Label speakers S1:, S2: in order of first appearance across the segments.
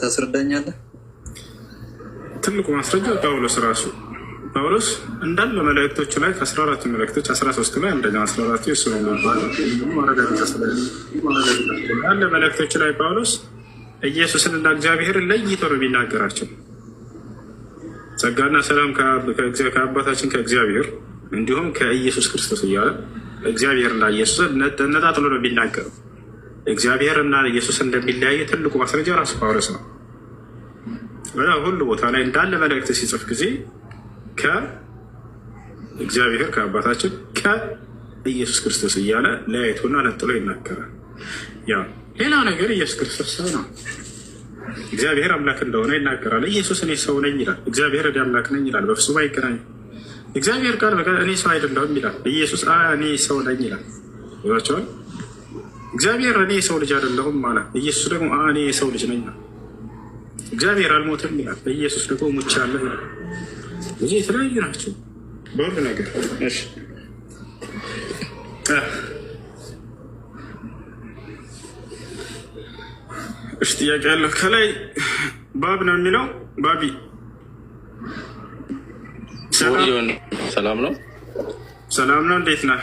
S1: ታስረዳኛለህ?
S2: ትልቁ ማስረጃ ጳውሎስ ራሱ ጳውሎስ እንዳለ መላእክቶች ላይ ከአስራ አራቱ መላእክቶች አስራ ሶስት ላይ አንደኛው አስራ አራቱ የሱ ነው እንዳለ መላእክቶች ላይ ጳውሎስ ኢየሱስን እና እግዚአብሔርን ለይቶ ነው የሚናገራቸው። ጸጋና ሰላም ከአባታችን ከእግዚአብሔር እንዲሁም ከኢየሱስ ክርስቶስ እያለ እና ኢየሱስን ነጣጥሎ ነው የሚናገረው። እግዚአብሔርና ኢየሱስ እንደሚለያየ ትልቁ ማስረጃ ራሱ ጳውሎስ ነው። ሁሉ ቦታ ላይ እንዳለ መልእክት ሲጽፍ ጊዜ ከእግዚአብሔር ከአባታችን ከኢየሱስ ክርስቶስ እያለ ለያይቶና ነጥሎ ይናገራል። ያው ሌላው ነገር ኢየሱስ ክርስቶስ ሰው ነው፣ እግዚአብሔር አምላክ እንደሆነ ይናገራል። ኢየሱስ እኔ ሰው ነኝ ይላል። እግዚአብሔር እኔ አምላክ ነኝ ይላል። በፍጹም አይገናኝ። እግዚአብሔር ቃል በቃል እኔ ሰው አይደለሁም ይላል። ኢየሱስ እኔ ሰው ነኝ ይላል። ይዛቸዋል እግዚአብሔር እኔ የሰው ልጅ አይደለሁም አለ። ኢየሱስ ደግሞ እኔ የሰው ልጅ ነኝ። እግዚአብሔር አልሞትም ይላል። ኢየሱስ ደግሞ ሙቻለሁ ይላል። ብዙ የተለያዩ ናቸው በሁሉ ነገር። እሺ እሺ፣ ጥያቄ ያለው ከላይ ባብ ነው የሚለው ባቢ ሰላም ነው። ሰላም ነው። እንዴት ነህ?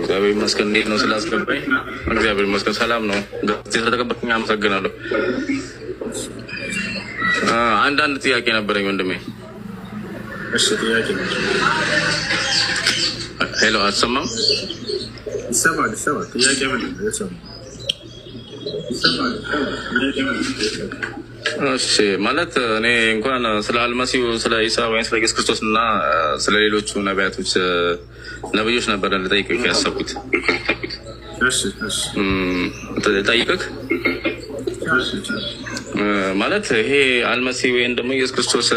S1: እግዚአብሔር ይመስገን። እንዴት ነው? ስላስገባኝ እግዚአብሔር ይመስገን። ሰላም ነው። ስለተቀበልኝ አመሰግናለሁ። አንዳንድ ጥያቄ ነበረኝ ወንድሜ። ሄሎ፣ አትሰማም?
S2: ይሰማል፣ ይሰማል። ጥያቄ
S1: ማለት እኔ እንኳን ስለ አልመሲሁ ስለ ኢሳ ወይም ስለ ኢየሱስ ክርስቶስ እና ስለ ሌሎቹ ነቢያቶች ነብዮች ነበረ ልጠይቅህ ያሰብኩት። ጠይቅህ ማለት ይሄ አልመሲህ ወይም ደግሞ ኢየሱስ ክርስቶስ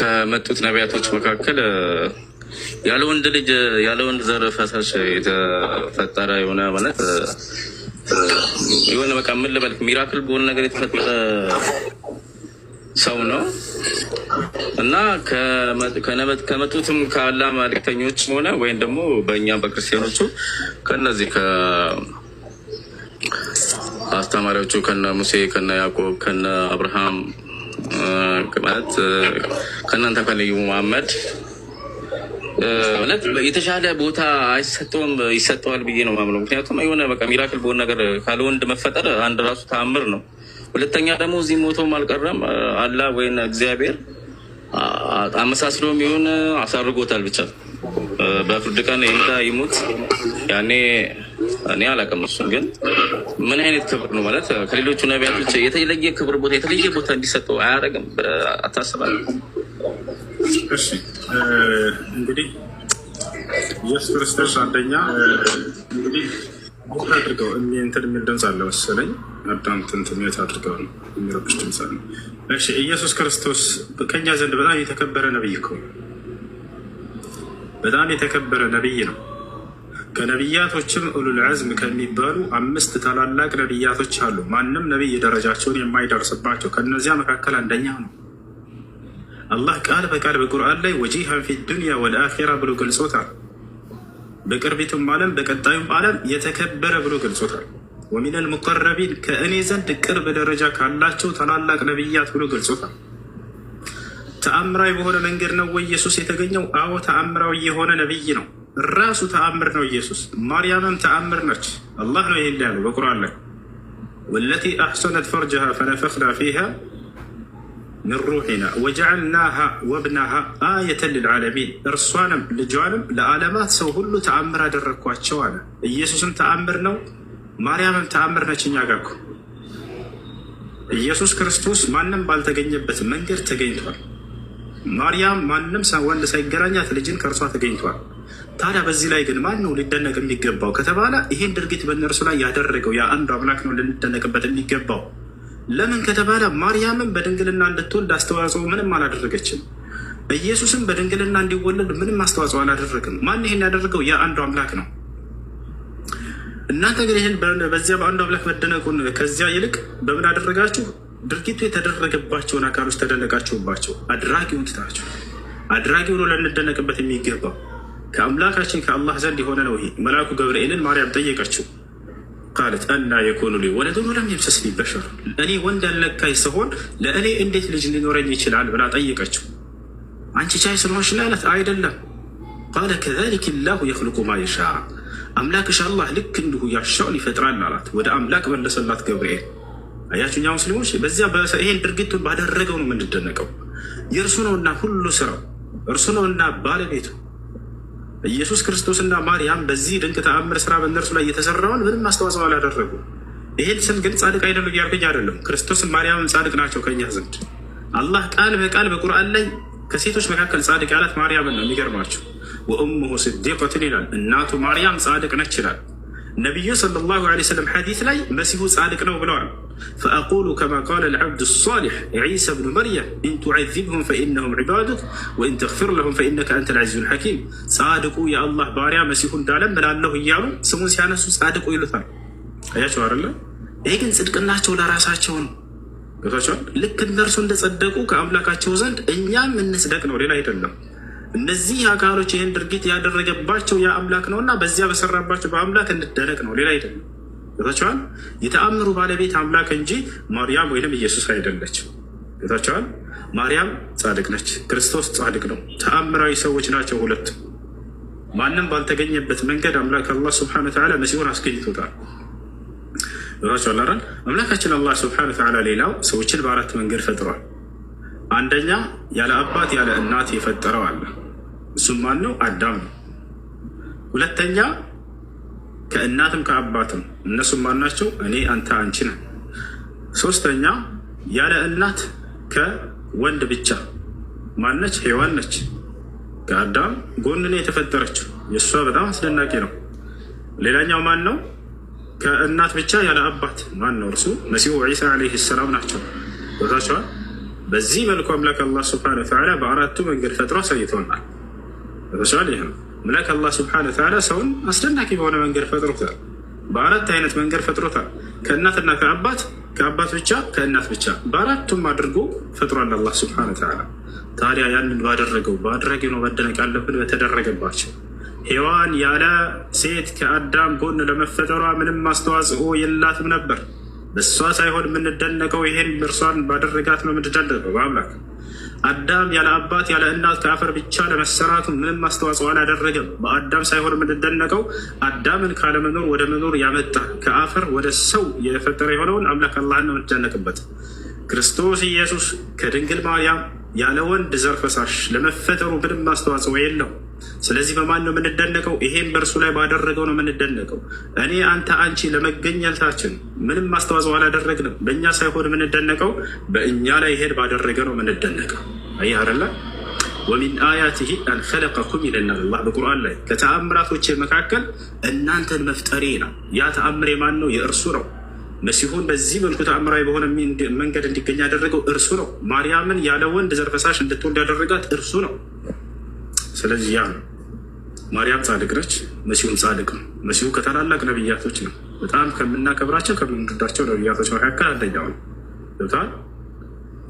S1: ከመጡት ነቢያቶች መካከል ያለ ወንድ ልጅ ያለ ወንድ ዘር ፈሳሽ የተፈጠረ የሆነ ማለት የሆነ በቃ ምን ልበልክ ሚራክል በሆነ ነገር የተፈጠረ ሰው ነው እና ከመጡትም ከአላ ማልክተኞች ሆነ ወይም ደግሞ በእኛ በክርስቲያኖቹ ከነዚህ ከአስተማሪዎቹ ከነ ሙሴ ከነ ያዕቆብ ከነ አብርሃም ማለት ከእናንተ ከልዩ መሐመድ እውነት የተሻለ ቦታ አይሰጠውም ይሰጠዋል ብዬ ነው ማምነው። ምክንያቱም የሆነ በቃ ሚራክል በሆን ነገር ካለ ወንድ መፈጠር አንድ ራሱ ተአምር ነው። ሁለተኛ ደግሞ እዚህ ሞቶም አልቀረም አላ ወይም እግዚአብሔር አመሳስሎም የሚሆን አሳርጎታል። ብቻ በፍርድ ቀን ይምታ ይሙት ያኔ እኔ አላውቅም። እሱን ግን ምን አይነት ክብር ነው ማለት ከሌሎቹ ነቢያቶች የተለየ ክብር ቦታ የተለየ ቦታ እንዲሰጠው አያደርግም አታስባለሁ።
S2: እንግዲህ ኢየሱስ ክርስቶስ አንደኛ እንግዲህ አድርገው እንትን የሚል ድምፅ አለ መሰለኝ። አዳም አድርገው ነው የሚረብሽ ድምፅ አለ። እሺ ኢየሱስ ክርስቶስ ከኛ ዘንድ በጣም የተከበረ ነብይ እኮ በጣም የተከበረ ነብይ ነው። ከነቢያቶችም ኡሉል ዐዝም ከሚባሉ አምስት ታላላቅ ነቢያቶች አሉ። ማንም ነቢይ ደረጃቸውን የማይደርስባቸው ከእነዚያ መካከል አንደኛ ነው። አላህ ቃል በቃል በቁርአን ላይ ወጂሃን ፊ ዱንያ ወልአኺራ ብሎ ገልጾታል። በቅርቢቱም ዓለም በቀጣዩም ዓለም የተከበረ ብሎ ገልጾታል። ወሚነል ሙቀረቢን ከእኔ ዘንድ ቅርብ ደረጃ ካላቸው ታላላቅ ነቢያት ብሎ ገልጾታል። ተአምራዊ በሆነ መንገድ ነው ወይ ኢየሱስ የተገኘው? አዎ ተአምራዊ የሆነ ነቢይ ነው። ራሱ ተአምር ነው ኢየሱስ። ማርያምም ተአምር ነች። አላህ ነው ይሄን ያለው በቁርአን ላይ ወለቲ አሕሰነት ፈርጀሃ ፈነፈኽና ፊሃ ምን ሩሒና ወጀዓልናሃ ወብናሃ አየተን ልልዓለሚን እርሷንም ልጇንም ለዓለማት ሰው ሁሉ ተአምር አደረግኳቸው አለ። ኢየሱስም ተአምር ነው፣ ማርያምም ተአምር ነች። እኛ ጋር እኮ ኢየሱስ ክርስቶስ ማንም ባልተገኘበት መንገድ ተገኝቷል። ማርያም ማንም ወንድ ሳይገናኛት ልጅን ከእርሷ ተገኝቷል። ታዲያ በዚህ ላይ ግን ማን ነው ሊደነቅ የሚገባው ከተባለ ይህን ድርጊት በእነርሱ ላይ ያደረገው የአንዱ አምላክ ነው ልንደነቅበት የሚገባው። ለምን ከተባለ ማርያምን በድንግልና እንድትወልድ አስተዋጽኦ ምንም አላደረገችም። ኢየሱስም በድንግልና እንዲወለድ ምንም አስተዋጽኦ አላደረግም። ማን ይሄን ያደረገው? የአንዱ አምላክ ነው። እናንተ ግን ይህን በዚያ በአንዱ አምላክ መደነቁን ከዚያ ይልቅ በምን አደረጋችሁ? ድርጊቱ የተደረገባቸውን አካሎች ተደነቃችሁባቸው። አድራጊውን ትታችሁ አድራጊ ሆኖ ልንደነቅበት የሚገባው ከአምላካችን ከአላህ ዘንድ የሆነ ነው። ይሄ መልአኩ ገብርኤልን ማርያም ጠየቀችው። ቃለት እና የኮኑ ሊ ወለዱን ወለም የምሰስኒ በሸር እኔ ወንድ ያለካይ ስሆን ለእኔ እንዴት ልጅ ሊኖረኝ ይችላል ብላ ጠይቀችው አንቺ ቻይ ስለሆንሽ ላለት አይደለም። ቃለ ከዛሊክ ላሁ የክልቁ ማ የሻ አምላክሽ አላህ ልክ እንዲሁ ያሻውን ይፈጥራል አላት። ወደ አምላክ መለሰላት ገብርኤል። አያችሁኛ ሙስሊሞች፣ በዚያ ይሄን ድርጊቱን ባደረገው ነው የምንደነቀው። የእርሱ ነውና ሁሉ ስራው እርሱ ነውና ባለቤቱ ኢየሱስ ክርስቶስና ማርያም በዚህ ድንቅ ተአምር ስራ በእነርሱ ላይ የተሰራውን ምንም አስተዋጽኦ አላደረጉ። ይህን ስል ግን ጻድቅ አይደሉም እያልኩኝ አይደለም። ክርስቶስ ማርያምም ጻድቅ ናቸው ከኛ ዘንድ። አላህ ቃል በቃል በቁርአን ላይ ከሴቶች መካከል ጻድቅ ያላት ማርያምን ነው። የሚገርማቸው ወእሙሁ ስዲቀትን ይላል። እናቱ ማርያም ጻድቅ ነች ይላል። ነቢዩ ሰለላሁ ዐለይሂ ወሰለም ሐዲስ ላይ መሲሁ ጻድቅ ነው ብለዋል። ፈአቁሉ ከማ ቃለ ልዓብድ ሳሊሕ ዒሳ ብኑ መርየም ኢን ቱዓዚብሁም ፈኢነሁም ዒባዱክ ወኢን ተግፊር ለሁም ፈኢነከ አንተ ልዓዚዙ ልሐኪም። ጻድቁ የአላህ ባሪያ መሲሁ እንዳለም ምላለሁ እያሉ ስሙን ሲያነሱ ጻድቁ ይሉታል። አያቸው አለ። ይህ ግን ጽድቅናቸው ለራሳቸው ነው። ገብታቸዋል። ልክ እነርሱ እንደጸደቁ ከአምላካቸው ዘንድ እኛም እንጽደቅ ነው፣ ሌላ አይደለም። እነዚህ አካሎች ይህን ድርጊት ያደረገባቸው ያ አምላክ ነው እና በዚያ በሰራባቸው በአምላክ እንደረቅ ነው፣ ሌላ አይደለም። ገብታችኋል? የተአምሩ ባለቤት አምላክ እንጂ ማርያም ወይንም ኢየሱስ አይደለች። ገብታችኋል? ማርያም ጻድቅ ነች፣ ክርስቶስ ጻድቅ ነው። ተአምራዊ ሰዎች ናቸው ሁለቱ። ማንም ባልተገኘበት መንገድ አምላክ አላህ ስብሐነ ወተዓላ መሲሁን አስገኝቶታል። ገብታችኋል? አምላካችን አላህ ስብሐነ ወተዓላ ሌላው ሰዎችን በአራት መንገድ ፈጥሯል። አንደኛ ያለ አባት ያለ እናት የፈጠረው አለ። እሱም ማን ነው? አዳም ነው። ሁለተኛ ከእናትም ከአባትም እነሱም ማን ናቸው? እኔ፣ አንተ፣ አንቺ ነ ሶስተኛ ያለ እናት ከወንድ ብቻ ማነች? ሔዋን ነች። ከአዳም ጎን ነው የተፈጠረችው። የእሷ በጣም አስደናቂ ነው። ሌላኛው ማን ነው? ከእናት ብቻ ያለ አባት ማን ነው? እርሱ መሲሁ ዒሳ ዓለይሂ ሰላም ናቸው። ቦታቸዋል በዚህ መልኩ አምላክ አላህ ስብሐነሁ ወተዓላ በአራቱ መንገድ ፈጥሮ አሳይቶናል። ለምሳሌ ይህ አምላክ አላህ ስብሐነሁ ወተዓላ ሰውን አስደናቂ በሆነ መንገድ ፈጥሮታል። በአራት አይነት መንገድ ፈጥሮታል። ከእናትና ከአባት፣ ከአባት ብቻ፣ ከእናት ብቻ በአራቱም አድርጎ ፈጥሯል አላህ ስብሐነሁ ወተዓላ። ታዲያ ያንን ባደረገው በአድረግ ነው መደነቅ ያለብን በተደረገባቸው ሔዋን ያለ ሴት ከአዳም ጎን ለመፈጠሯ ምንም አስተዋጽኦ የላትም ነበር። በእሷ ሳይሆን የምንደነቀው ይሄን እርሷን ባደረጋት ነው የምንደነቀው። በአምላክ አዳም ያለ አባት ያለ እናት ከአፈር ብቻ ለመሰራቱ ምንም አስተዋጽኦ አላደረገም። በአዳም ሳይሆን የምንደነቀው አዳምን ካለመኖር ወደ መኖር ያመጣ ከአፈር ወደ ሰው የፈጠረ የሆነውን አምላክ አላህን ነው የምንደነቅበት። ክርስቶስ ኢየሱስ ከድንግል ማርያም ያለ ወንድ ዘር ፈሳሽ ለመፈጠሩ ምንም አስተዋጽኦ የለው። ስለዚህ በማን ነው የምንደነቀው? ይሄን በእርሱ ላይ ባደረገው ነው የምንደነቀው። እኔ፣ አንተ፣ አንቺ ለመገኘታችን ምንም አስተዋጽኦ አላደረግንም። በእኛ ሳይሆን የምንደነቀው በእኛ ላይ ይሄን ባደረገ ነው የምንደነቀው። አይ አረላ ወሚን አያትህ አንከለቀኩም ይለናል አላህ በቁርአን ላይ ከተአምራቶቼ መካከል እናንተን መፍጠሬ ነው። ያ ተአምሬ ማን ነው? የእርሱ ነው። መሲሁን በዚህ መልኩ ተአምራዊ በሆነ መንገድ እንዲገኝ ያደረገው እርሱ ነው። ማርያምን ያለ ወንድ ዘርፈሳሽ እንድትወልድ ያደረጋት እርሱ ነው። ስለዚህ ያ ነው። ማርያም ጻድቅ ነች፣ መሲሁም ጻድቅ ነው። መሲሁ ከታላላቅ ነብያቶች ነው። በጣም ከምናከብራቸው ከምንወዳቸው ነብያቶች መካከል አንደኛው ነው።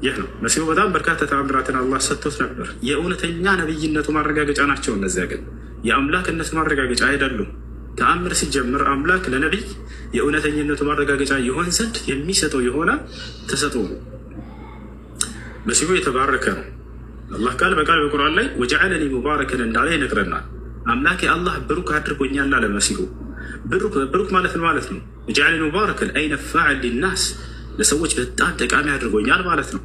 S2: ይህ ነው መሲሁ። በጣም በርካታ ተአምራትን አላህ ሰጥቶት ነበር። የእውነተኛ ነብይነቱ ማረጋገጫ ናቸው እነዚያ፣ ግን የአምላክነቱ ማረጋገጫ አይደሉም። ተአምር ሲጀምር አምላክ ለነቢይ የእውነተኝነቱ ማረጋገጫ የሆን ዘንድ የሚሰጠው የሆነ ተሰጥኦ ነው። መሲሁ የተባረከ ነው። አላህ ቃል በቃል በቁርአን ላይ ወጀዐለኒ ሙባረከን እንዳለ ይነግረናል። አምላክ የአላህ ብሩክ አድርጎኛል አለ መሲሁ። ብሩክ ማለት ነው ማለት ነው። ወጀዐለኒ ሙባረከን አይነ ፋዕል ሊናስ ለሰዎች በጣም ጠቃሚ አድርጎኛል ማለት ነው።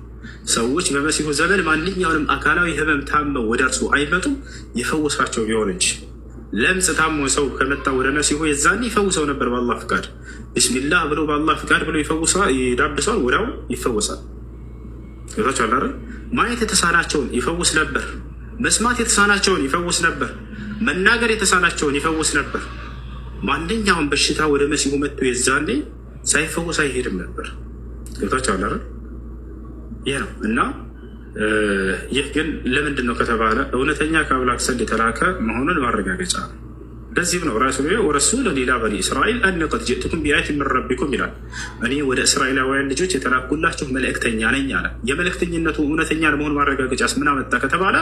S2: ሰዎች በመሲሁ ዘመን ማንኛውንም አካላዊ ህመም ታመው ወደ እርሱ አይመጡም፣ የፈወሳቸው ቢሆን እንጂ ለምጽ ታሞ ሰው ከመጣ ወደ ነሲሆ የዛኔ ይፈውሰው ነበር። በአላህ ፍቃድ ቢስሚላህ ብሎ በአላህ ፍቃድ ብሎ ይዳብሰዋል፣ ወዲያው ይፈወሳል። ቻ ማየት የተሳናቸውን ይፈውስ ነበር። መስማት የተሳናቸውን ይፈውስ ነበር። መናገር የተሳናቸውን ይፈውስ ነበር። ማንኛውም በሽታ ወደ መሲሁ መጥቶ የዛኔ ሳይፈወስ አይሄድም ነበር። ቻ ይህ ነው እና ይህ ግን ለምንድን ነው ከተባለ እውነተኛ ከአምላክ ዘንድ የተላከ መሆኑን ማረጋገጫ ነው። ለዚህም ነው ራሱ ወረሱለ ሌላ በኒ እስራኤል አነ ቀድ ጅእትኩም ቢአየት ይላል። እኔ ወደ እስራኤላውያን ልጆች የተላኩላችሁ መልእክተኛ ነኝ አለ። የመልእክተኝነቱ እውነተኛ ለመሆኑ ማረጋገጫስ ምን አመጣ ከተባለ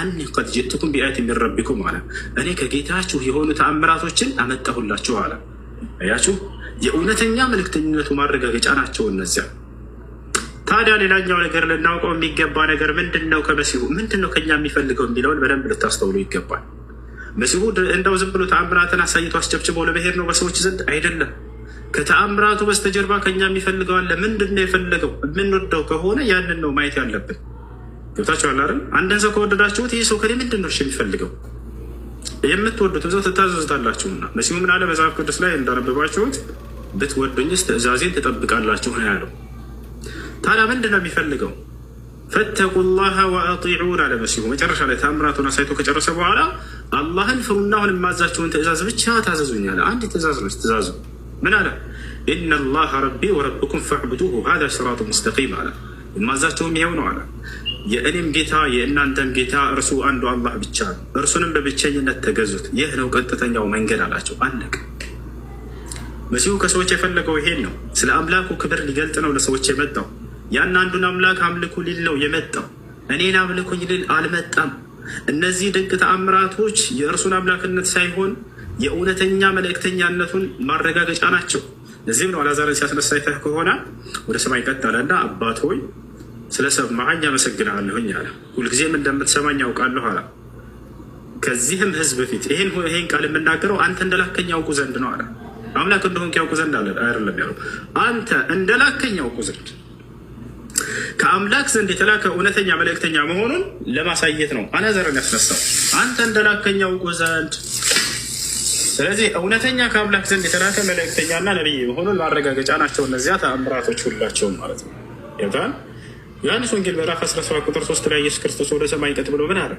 S2: አኒ ቀድ ጅእትኩም ቢአየት አለ። እኔ ከጌታችሁ የሆኑ ተአምራቶችን አመጣሁላችሁ አለ። እያችሁ የእውነተኛ መልእክተኝነቱ ማረጋገጫ ናቸው እነዚያ ታዲያ ሌላኛው ነገር ልናውቀው የሚገባ ነገር ምንድን ነው? ከመሲሁ ምንድን ነው ከኛ የሚፈልገው የሚለውን በደንብ ልታስተውሉ ይገባል። መሲሁ እንደው ዝም ብሎ ተአምራትን አሳይቶ አስጨብጭቦ ለመሄድ ነው በሰዎች ዘንድ አይደለም። ከተአምራቱ በስተጀርባ ከኛ የሚፈልገው አለ። ምንድን ነው የፈለገው? የምንወደው ከሆነ ያንን ነው ማየት ያለብን። ገብታችኋል አይደል? አንድን ሰው ከወደዳችሁት ይህ ሰው ከኔ ምንድን ነው የሚፈልገው? የምትወዱት ሰው ትታዘዝታላችሁና መሲሁ ምን አለ መጽሐፍ ቅዱስ ላይ እንዳነበባችሁት ብትወዱኝስ ትእዛዜን ትጠብቃላችሁ ነው ያለው። ታዲያ ምንድን ነው የሚፈልገው? ፈተቁ ላሀ ወአጢዑን አለ መሲሁ። መጨረሻ ላይ ታምራቱን አሳይቶ ከጨረሰ በኋላ አላህን ፍሩናሁን አሁን የማዛችሁን ትእዛዝ ብቻ ታዘዙኛል። አንድ ትእዛዝ ነው ትእዛዙ። ምን አለ? ኢና ላሀ ረቢ ወረብኩም ፈዕቡዱሁ ሀዛ ሲራጡ ሙስተቂም አለ። የማዛችሁም ይሄው ነው አለ። የእኔም ጌታ የእናንተም ጌታ እርሱ አንዱ አላህ ብቻ ነው፣ እርሱንም በብቸኝነት ተገዙት። ይህ ነው ቀጥተኛው መንገድ አላቸው። አለቅ መሲሁ ከሰዎች የፈለገው ይሄን ነው። ስለ አምላኩ ክብር ሊገልጥ ነው ለሰዎች የመጣው ያን አንዱን አምላክ አምልኩ ሊል ነው የመጣው። እኔን አምልኩኝ ሊል አልመጣም። እነዚህ ድንቅ ተአምራቶች የእርሱን አምላክነት ሳይሆን የእውነተኛ መልእክተኛነቱን ማረጋገጫ ናቸው። እዚህም ነው አላዛርን ሲያስነሳ አይተህ ከሆነ ወደ ሰማይ ቀጥ አለና አባት ሆይ ስለሰማኸኝ አመሰግናለሁኝ አለ። ሁልጊዜም እንደምትሰማኝ ያውቃለሁ አለ። ከዚህም ህዝብ ፊት ይህን ይህን ቃል የምናገረው አንተ እንደላከኝ ያውቁ ዘንድ ነው አለ። አምላክ እንደሆንክ ያውቁ ዘንድ አለ አይደለም ያለው፣ አንተ እንደላከኝ ያውቁ ዘንድ ከአምላክ ዘንድ የተላከ እውነተኛ መልእክተኛ መሆኑን ለማሳየት ነው አላዛርን ያስነሳው አንተ እንደላከኝ አውቆ ዘንድ። ስለዚህ እውነተኛ ከአምላክ ዘንድ የተላከ መልእክተኛና ነቢይ መሆኑን ማረጋገጫ ናቸው እነዚያ ተአምራቶች ሁላቸውም ማለት ነው። ይታል ዮሐንስ ወንጌል ምዕራፍ 17 ቁጥር 3 ላይ ኢየሱስ ክርስቶስ ወደ ሰማይ ቀጥ ብሎ ምን አለ?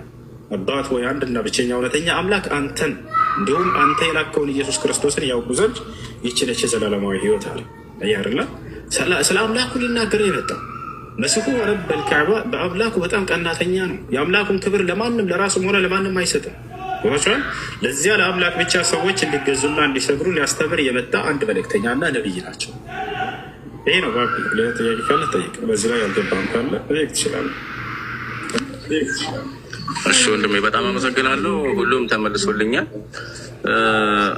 S2: አባት ወይ አንድና ብቸኛ እውነተኛ አምላክ አንተን እንዲሁም አንተ የላከውን ኢየሱስ ክርስቶስን ያውቁ ዘንድ ይችለች የዘላለማዊ ህይወት አለ እያ ስለ አምላኩ ሊናገር የመጣው መሲሁ ረበል በልካዕባ በአምላኩ በጣም ቀናተኛ ነው። የአምላኩን ክብር ለማንም ለራሱም ሆነ ለማንም አይሰጥም። ሆናቸዋል ለዚያ ለአምላክ ብቻ ሰዎች እንዲገዙና እንዲሰግሩ ሊያስተምር የመጣ አንድ መልእክተኛና ነቢይ ናቸው። ይሄ ነው ባብ ሌላ ጥያቄ ካለ ጠይቅ። በዚህ ላይ ያልገባም ካለ ጠይቅ ትችላለ። እሺ ወንድሜ በጣም አመሰግናለሁ። ሁሉም ተመልሶልኛል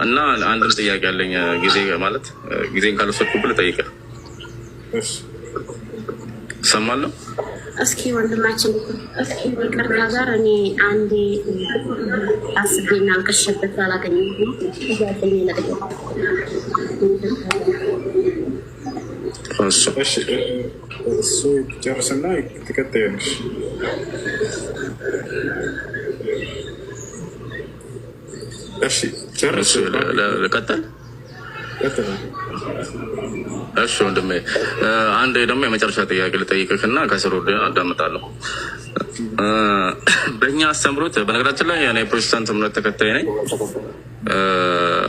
S2: እና አንድም ጥያቄ ያለኝ ጊዜ ማለት ጊዜን ካልወሰድኩብህ ልጠይቅህ ሰማለሁ። እስኪ ወንድማችን እስኪ ይቅር ነገር እኔ አንዴ አስቤና አልቀሸበት ባላገኘ እሱ ጨርስና ትቀጥያለሽ። እሺ ጨርስ፣ ቀጠል እሺ ወንድሜ፣ አንድ ደግሞ የመጨረሻ ጥያቄ ልጠይቅህ እና ከስር አዳምጣለሁ። በእኛ አስተምሮት፣ በነገራችን ላይ እኔ ፕሮቴስታንት እምነት ተከታይ ነኝ።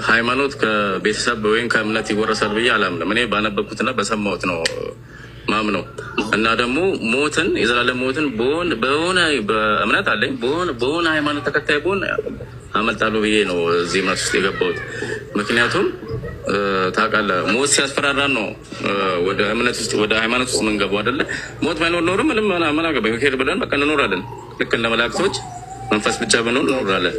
S2: ሃይማኖት ከቤተሰብ ወይም ከእምነት ይወረሳል ብዬ አላምንም። እኔ ባነበብኩትና በሰማሁት ነው ማም ነው እና ደግሞ ሞትን የዘላለም ሞትን በሆነ በእምነት አለኝ በሆነ ሃይማኖት ተከታይ በሆን አመልጣሉ ብዬ ነው እዚህ እምነት ውስጥ የገባሁት ምክንያቱም ታውቃለህ፣ ሞት ሲያስፈራራን ነው ወደ እምነት ውስጥ ወደ ሃይማኖት ውስጥ የምንገባው አይደለ? ሞት ባይኖር ኖሮ ምንም ምን አገባኝ ሄድ ብለን በቃ እንኖራለን። ልክ እንደ ሰዎች መንፈስ ብቻ ብንሆን እኖራለን።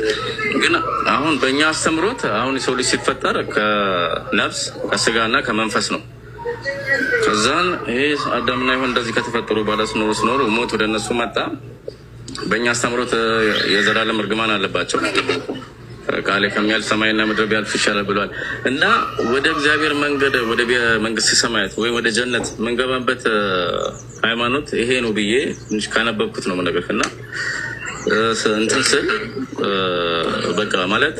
S2: ግን አሁን በእኛ አስተምሮት አሁን የሰው ልጅ ሲፈጠር ከነፍስ ከስጋ ከመንፈስ ነው። ከዛን ይሄ አዳምና ይሆን እንደዚህ ከተፈጠሩ በኋላ ስኖሩ ስኖሩ ሞት ወደ እነሱ መጣ። በእኛ አስተምሮት የዘላለም እርግማን አለባቸው። ቃሌ ከሚያል ሰማይና ምድር ቢያልፍ ይሻላል ብሏል እና ወደ እግዚአብሔር መንገድ ወደ መንግስት ሰማያት ወይም ወደ ጀነት መንገባበት ሃይማኖት ይሄ ነው ብዬ ካነበብኩት ነው ነገር እና እንትን ስል በቃ ማለት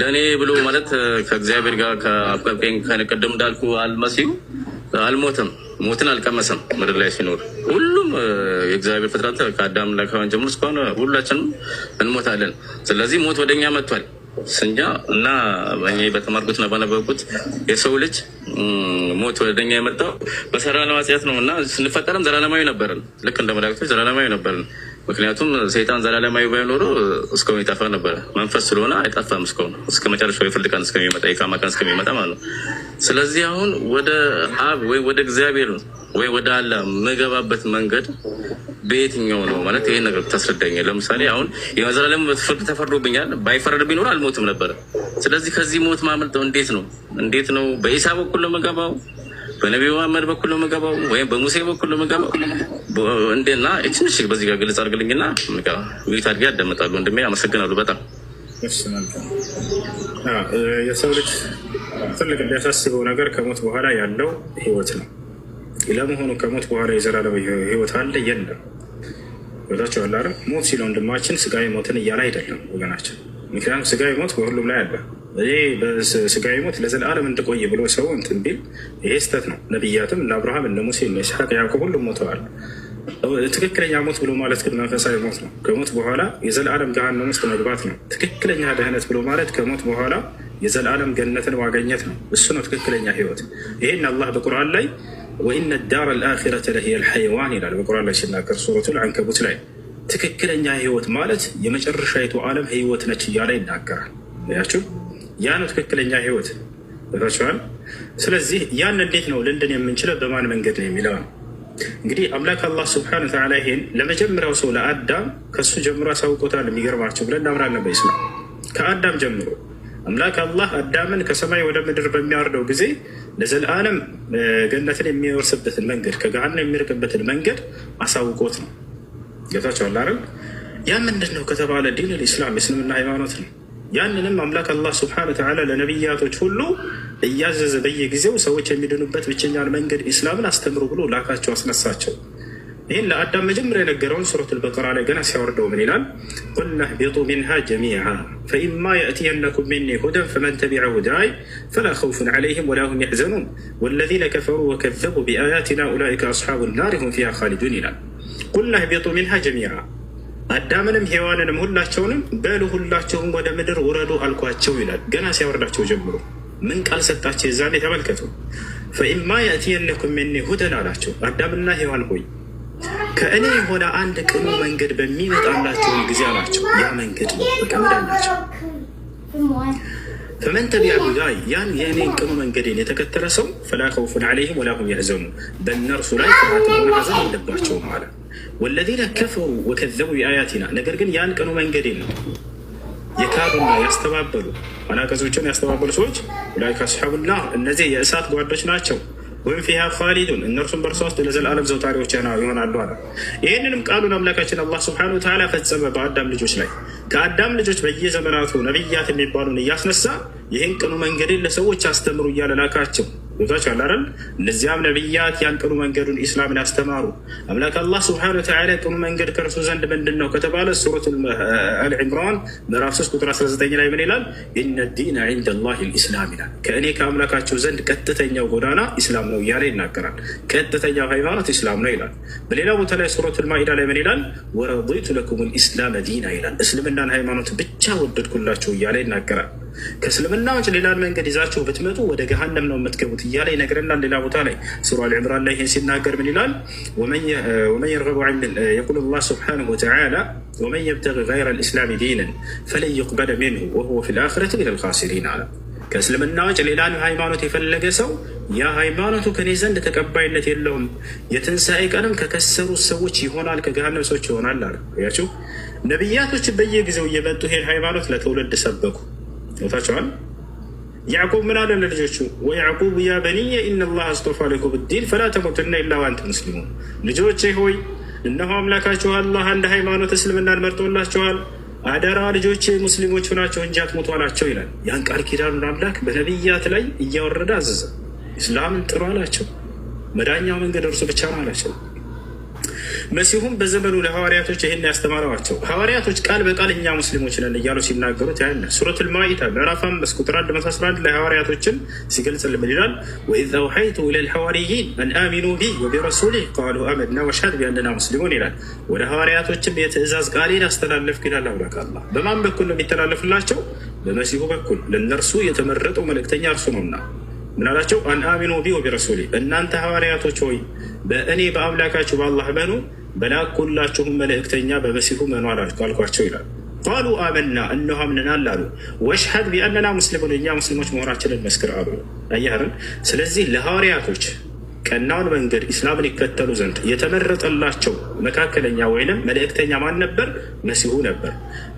S2: ለእኔ ብሎ ማለት ከእግዚአብሔር ጋር ከአቋቄን ከቅድም እንዳልኩ አልመሲሁ አልሞትም ሞትን አልቀመሰም። ምድር ላይ ሲኖር ሁሉም የእግዚአብሔር ፍጥረት ከአዳም እና ጀምሮ እስከሆነ ሁላችንም እንሞታለን። ስለዚህ ሞት ወደኛ መጥቷል። ስንጃ እና እኔ በተማርኩት እና ባነበብኩት የሰው ልጅ ሞት ወደኛ የመጣው በሰራ ለማጽያት ነው እና ስንፈጠርም ዘላለማዊ ነበርን። ልክ እንደ መላእክቶች ዘላለማዊ ነበርን። ምክንያቱም ሰይጣን ዘላለማዊ ባይኖሩ እስከሁን ይጠፋ ነበረ። መንፈስ ስለሆነ አይጠፋም እስከሁን እስከ መጨረሻው የፍርድ ቀን እስከሚመጣ የካማ ቀን እስከሚመጣ ማለት ነው። ስለዚህ አሁን ወደ አብ ወይ ወደ እግዚአብሔር ወይ ወደ አላ የምገባበት መንገድ በየትኛው ነው ማለት ይህን ነገር ታስረዳኛል። ለምሳሌ አሁን የዘላለም ፍርድ ተፈርዶብኛል። ባይፈረድ ቢኖር አልሞትም ነበረ። ስለዚህ ከዚህ ሞት ማመልጠው እንዴት ነው እንዴት ነው? በሂሳብ በኩል ለመገባው በነቢዩ መሐመድ በኩል ነው የምገባው ወይም በሙሴ በኩል ነው የምገባው? እንዴና ትንሽ በዚህ ጋር ግልጽ አድርግልኝና ሚዩት አድርጌ ያደመጣሉ ወንድሜ አመሰግናሉ በጣም የሰው ልጅ ትልቅ የሚያሳስበው ነገር ከሞት በኋላ ያለው ህይወት ነው። ለመሆኑ ከሞት በኋላ የዘላለም ህይወት አለ የለም? ወታቸው አላረ ሞት ሲለ ወንድማችን ስጋዊ ሞትን እያለ አይደለም ወገናችን። ምክንያቱም ስጋዊ ሞት በሁሉም ላይ አለ። ይህ በስጋዊ ሞት ለዘላለም እንድቆይ ብሎ ሰው እንትን ቢል ይሄ ስተት ነው። ነቢያትም እነ አብርሃም እነ ሙሴ እነ ይስሐቅ ያዕቆብ ሁሉም ሞተዋል። ትክክለኛ ሞት ብሎ ማለት ግን መንፈሳዊ ሞት ነው። ከሞት በኋላ የዘላለም ገሃነም ውስጥ መግባት ነው። ትክክለኛ ደህነት ብሎ ማለት ከሞት በኋላ የዘላለም ገነትን ማገኘት ነው። እሱ ነው ትክክለኛ ህይወት። ይሄን አላህ በቁርአን ላይ ወኢነ ዳር ልአኪረተ ለሂየል ልሐይዋን ይላል በቁርአን ላይ ሲናገር ሱረቱል አንከቡት ላይ ትክክለኛ ህይወት ማለት የመጨረሻይቱ ዓለም ህይወት ነች እያለ ይናገራል ያችሁ ያ ነው ትክክለኛ ህይወት ቸዋል። ስለዚህ ያን እንዴት ነው ልንድን የምንችለው በማን መንገድ ነው የሚለው ነው እንግዲህ አምላክ አላህ ስብሐነሁ ወተዓላ ይሄን ለመጀመሪያው ሰው ለአዳም ከሱ ጀምሮ አሳውቆታል። የሚገርማቸው ብለን እናምራለን። በኢስላም ከአዳም ጀምሮ አምላክ አላህ አዳምን ከሰማይ ወደ ምድር በሚያወርደው ጊዜ ለዘለዓለም ገነትን የሚወርስበትን መንገድ ከገሃነም የሚርቅበትን መንገድ አሳውቆት ነው። ገብታችኋል አይደል? ያ ምንድን ነው ከተባለ ዲን ልኢስላም የእስልምና ሃይማኖት ነው። ያንንም አምላክ አላህ ስብሐነ ወተዓላ ለነቢያቶች ሁሉ እያዘዘ በየጊዜው ሰዎች የሚድኑበት ብቸኛን መንገድ ኢስላምን አስተምሩ ብሎ ላካቸው፣ አስነሳቸው። ይህን ለአዳም መጀመሪያ የነገረውን ሱረቱል በቀራ ላይ ገና ሲያወርደው ምን ይላል? ቁልና ህቢጡ ሚንሃ ጀሚዓ ፈኢማ የእትየነኩም ሚኒ ሁደን ፈመን ተቢዐ ሁዳይ ፈላ ኸውፉን ዐለይሂም ወላ ሁም የሕዘኑን ወለዚነ ከፈሩ ወከዘቡ ቢአያቲና ኡላኢከ አስሓቡ ናር ሁም ፊሃ ኻሊዱን ይላል። ቁልና ህቢጡ ሚንሃ ጀሚዓ አዳምንም ሔዋንንም ሁላቸውንም በሉ ሁላቸውም ወደ ምድር ውረዱ አልኳቸው ይላል። ገና ሲያወርዳቸው ጀምሮ ምን ቃል ሰጣቸው? የዛኔ ተመልከቱ። ፈኢማ የእትየነኩም ሚኒ ሁደን አላቸው። አዳምና ሔዋን ሆይ ከእኔ የሆነ አንድ ቅኑ መንገድ በሚመጣላቸውን ጊዜ አላቸው። ያ መንገድ ነው በቀመዳላቸው ፈመን ተቢያ ሁዳየ ያን የእኔን ቅኑ መንገዴን የተከተለ ሰው ፈላ ከውፉን ዐለይሂም ወላ ሁም በእነርሱ ላይ ፍርሃትና ሐዘን አለባቸውም አለ። ወለዚነ ከፈሩ ወከዘቡ ቢአያቲና ነገር ግን ያን ቀኑ መንገዴ ነው የካዱና ያስተባበሉ አናቀጾችን ያስተባበሉ ሰዎች ላይክ አስሐቡላ እነዚህ የእሳት ጓዶች ናቸው። ወይም ፊሃ ካሊዱን እነርሱም በእርሷ ውስጥ ለዘላለም ዘውታሪዎች ይሆናሉ አለ። ይህንንም ቃሉን አምላካችን አላህ ስብሐነሁ ወተዓላ ፈጸመ በአዳም ልጆች ላይ ከአዳም ልጆች በየዘመናቱ ነቢያት የሚባሉን እያስነሳ ይህን ቅኑ መንገድን ለሰዎች አስተምሩ እያለ ላካቸው። ገብቷቸው አለ አይደል? እነዚያም ነቢያት ያን ቅኑ መንገዱን ኢስላምን ያስተማሩ አምላክ አላህ ስብሐነ ወተዓላ ቅኑ መንገድ ከእርሱ ዘንድ ምንድን ነው ከተባለ ሱረት አልዕምራን ምዕራፍ 3 ቁጥር 19 ላይ ምን ይላል? ኢነ ዲነ ዒንደ ላሂ ልኢስላም ይላል። ከእኔ ከአምላካቸው ዘንድ ቀጥተኛው ጎዳና ኢስላም ነው እያለ ይናገራል። ቀጥተኛው ሃይማኖት ኢስላም ነው ይላል። በሌላ ቦታ ላይ ሱረት ልማኢዳ ላይ ምን ይላል? ወረዲቱ ለኩም ልኢስላም ዲና ይላል። እስልምናን ሃይማኖት ብቻ ወደድኩላቸው እያለ ይናገራል። ከእስልምና ውጭ ሌላን መንገድ ይዛቸው ብትመጡ ወደ ገሃነም ነው የምትገቡት እያለ ይነግረናል። ሌላ ቦታ ላይ ሱራ አልዕምራን ላይ ይህን ሲናገር ምን ይላል? ወመን የርገቡ የቁል ላህ ስብሓነሁ ወተዓላ ወመን የብተግ ገይረ ልእስላም ዲንን ፈለን ዩቅበለ ሚንሁ ወሁወ ፊ ልአኽረት ሚን ልኻሲሪን አለ። ከእስልምና ውጭ ሌላን ሃይማኖት የፈለገ ሰው ያ ሃይማኖቱ ከኔ ዘንድ ተቀባይነት የለውም፣ የትንሣኤ ቀንም ከከሰሩ ሰዎች ይሆናል፣ ከገሃነም ሰዎች ይሆናል አለ። ያቸው ነቢያቶች በየጊዜው እየመጡ ይሄን ሃይማኖት ለትውልድ ሰበኩ ታቸዋል ያዕቁብ ምን አለ ለልጆቹ? ወያዕቁብ ያ በኒየ ኢነላህ አስጦፋ ለኩም ዲን ፈላ ተሞትና ኢላ ዋንት ሙስሊሙን። ልጆቼ ሆይ እነሆ አምላካችሁ አላህ አንድ ሃይማኖት እስልምናን መርጦላችኋል። አደራ ልጆቼ ሙስሊሞች ሆናቸው እንጂ አትሞቱ አላቸው ይላል። ያን ቃል ኪዳኑን አምላክ በነቢያት ላይ እያወረደ አዘዘ። ኢስላምን ጥሩ አላቸው። መዳኛው መንገድ እርሱ ብቻ ነው አላቸው። መሲሁም በዘመኑ ለሐዋርያቶች ይህን ያስተማረዋቸው ሐዋርያቶች ቃል በቃል እኛ ሙስሊሞች ነን እያሉ ሲናገሩት ያለ ሱረቱል ማኢዳ ምዕራፍ አምስት ቁጥር 111 ላይ ሐዋርያቶችን ሲገልጽልን ይላል ወኢዝ አውሐይቱ ኢለል ሐዋርይን አን አሚኑ ቢ ወቢረሱሊ ቃሉ አመና ወሻድ ቢአንና ሙስሊሙን ይላል። ወደ ሐዋርያቶችም የትእዛዝ ቃሌን አስተላለፍኩ ይላል አምላክ አላህ። በማን በኩል ነው የሚተላለፍላቸው? በመሲሁ በኩል ለእነርሱ የተመረጠው መልእክተኛ እርሱ ነውና ምናላቸው አን አሚኑ ቢ ወቢረሱሊ እናንተ ሐዋርያቶች ሆይ በእኔ በአምላካችሁ በአላህ በኑ በላኩላችሁም መልእክተኛ በመሲሁ መኗል አልኳቸው ይላል። ቃሉ አመና እነሆ አምነናል አሉ። ወሽሀድ ቢአነና ሙስሊሙን እኛ ሙስሊሞች መሆናችንን መስክር አሉ። አያርን ስለዚህ ለሐዋርያቶች ቀናውን መንገድ ኢስላምን ይከተሉ ዘንድ የተመረጠላቸው መካከለኛ ወይንም መልእክተኛ ማን ነበር? መሲሁ ነበር።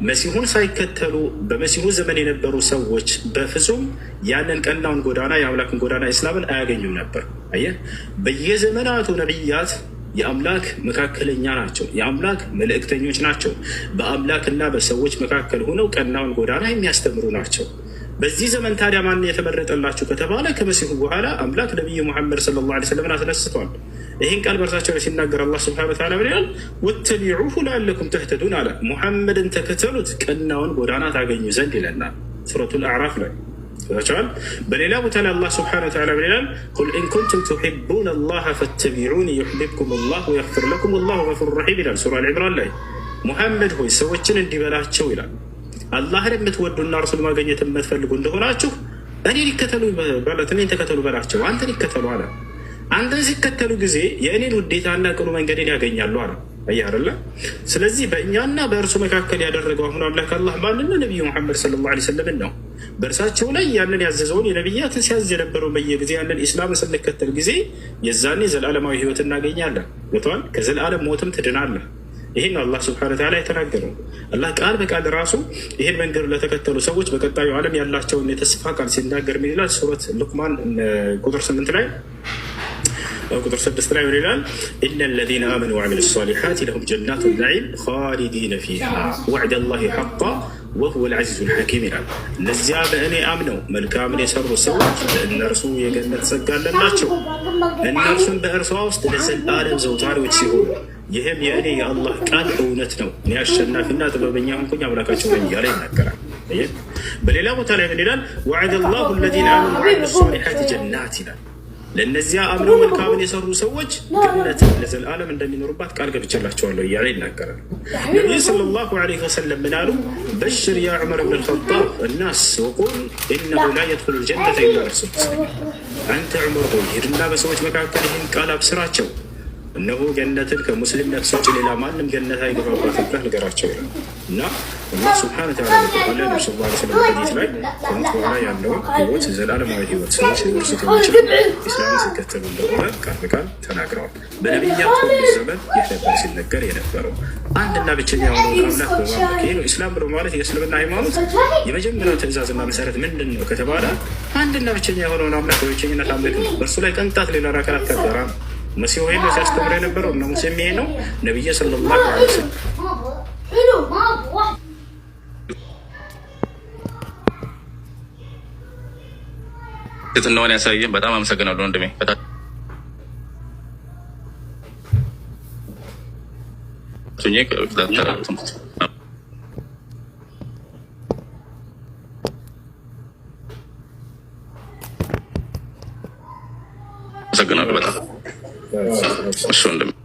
S2: መሲሁን ሳይከተሉ በመሲሁ ዘመን የነበሩ ሰዎች በፍጹም ያንን ቀናውን ጎዳና የአምላክን ጎዳና ኢስላምን አያገኙም ነበር። አየህ በየዘመናቱ ነቢያት የአምላክ መካከለኛ ናቸው። የአምላክ መልእክተኞች ናቸው። በአምላክና በሰዎች መካከል ሆነው ቀናውን ጎዳና የሚያስተምሩ ናቸው። በዚህ ዘመን ታዲያ ማን የተመረጠላቸው ከተባለ ከመሲሁ በኋላ አምላክ ነቢዩ ሙሐመድ ሰለላሁ ዓለይሂ ወሰለም አስነስቷል። ይህን ቃል በእርሳቸው ላይ ሲናገር አላህ ሱብሓነሁ ወተዓላ ምን ይላል? ወተቢዑሁ ተህተዱን አለ። ሙሐመድን ተከተሉት ቀናውን ጎዳና ታገኙ ዘንድ ይለናል ሱረቱል አዕራፍ ላይ ቸዋል በሌላ ቦታ ላይ አላህ ስብሐነሁ ወተዓላ ምን ይላል? ቁል ኢን ኩንቱም ቱሒቡነ አላህ ፈተቢዑኒ ዩሕቢብኩም አላህ ወየግፊር ለኩም ወላሁ ገፉሩ ረሒም ይላል ሱራ አልዕምራን ላይ። ሙሐመድ ሆይ ሰዎችን እንዲበላቸው ይላል አላህን የምትወዱና እርሱን ማገኘት የምትፈልጉ እንደሆናችሁ እኔን ይከተሉ በለት እኔን ተከተሉ በላቸው። አንተን ይከተሉ አለ። አንተን ሲከተሉ ጊዜ የእኔን ውዴታና ቅኑ መንገዴን ያገኛሉ አለ። አየህ አይደለ? ስለዚህ በእኛና በእርሱ መካከል ያደረገው አሁን አምላክ አላህ ማንን? ነቢዩ ሙሐመድ ሰለላሁ ዓለይሂ ወሰለም ነው። በእርሳቸው ላይ ያንን ያዘዘውን የነቢያት ሲያዝ የነበረው በየጊዜ ያንን ኢስላምን ስንከተል ጊዜ የዛኔ ዘላለማዊ ህይወት እናገኛለን። ገቷል። ከዘላለም ሞትም ትድናለህ። ይህን አላህ ስብሐነሁ ወተዓላ የተናገረው አላህ ቃል በቃል ራሱ ይህን መንገድ ለተከተሉ ሰዎች በቀጣዩ ዓለም ያላቸውን የተስፋ ቃል ሲናገር ምን ይላል? ሱረት ሉቅማን ቁጥር ስምንት ላይ ቁጥር ስድስት ላይ ምን ይላል? ኢነ ለዚነ አመኑ ወዐሚሉ ሷሊሓት ለሁም ጀናቱ ናዒም ኻሊዲነ ፊሃ ወዕደ ላሂ ሐቃ ወህወል አዚዙል ሐኪም ይላል። ለዚያ በእኔ አምነው መልካምን የሰሩ ሰዎች በእነርሱ የገነት ጸጋ አለላቸው። እነርሱም በእርሷ ውስጥ ለዘላለም ዘውታሪዎች ሲሆኑ ይህም የእኔ የአላህ ቃል እውነት ነው፣ እኔ አሸናፊና ጥበበኛ ሆንኩኝ አምላካቸው ነኝ እያለ ይናገራል። በሌላ ቦታ ላይ ምን ይላል? ወዐደ ላሁ ለዚነ አመኑ ወዐሚሉ ሷሊሓት ጀናት ይላል ለእነዚያ አምነው መልካምን የሰሩ ሰዎች ገነትን ለዘላለም እንደሚኖሩባት ቃል ገብቼላቸዋለሁ እያለ ይናገራል። ነቢዩ ሰለላሁ ዐለይሂ ወሰለም ምን አሉ? በሽር ያ ዑመር ብን ልኸጣብ እናስ ወቁል ኢነሁ ላ የድኹሉ ልጀነተ ኢላ አንተ ዑመር ሆይ ሂድና በሰዎች መካከል ይህን ቃል አብስራቸው፣ እነሆ ገነትን ከሙስሊም ነፍስ ሌላ ማንም ገነት አይገባባት ብለህ ንገራቸው ይላል። እና አላህ ስብሐነ ተዓላ በቁርአን ላይ ነብስ ላ ስለም ሐዲት ላይ ከሞት ህይወት ዘላለማዊ ህይወት ሰዎች ሊወርሱት ሲከተሉ እንደሆነ ቃል በቃል ተናግረዋል። በነቢያት ዘመን ይህ ነበር ሲነገር የነበረው አንድና ብቸኛ የሆነውን ነው ኢስላም ብሎ ማለት። የእስልምና ሃይማኖት የመጀመሪያው ትእዛዝና መሰረት ምንድን ነው ከተባለ አንድና ብቸኛ የሆነውን አምላክ በብቸኝነት አምልክ ነው። በእርሱ ላይ ቅንጣት ሌላን አካላት ከበራ መሲሁ ይሄ ሲያስተምር የነበረው እነ ሙሴ ይሄ ነው ነቢየ ስለ ላ حلو ما بواحد እንደሆነ ያሳየን። በጣም አመሰግናለሁ ወንድሜ። አመሰግናለሁ በጣም እሺ ወንድሜ።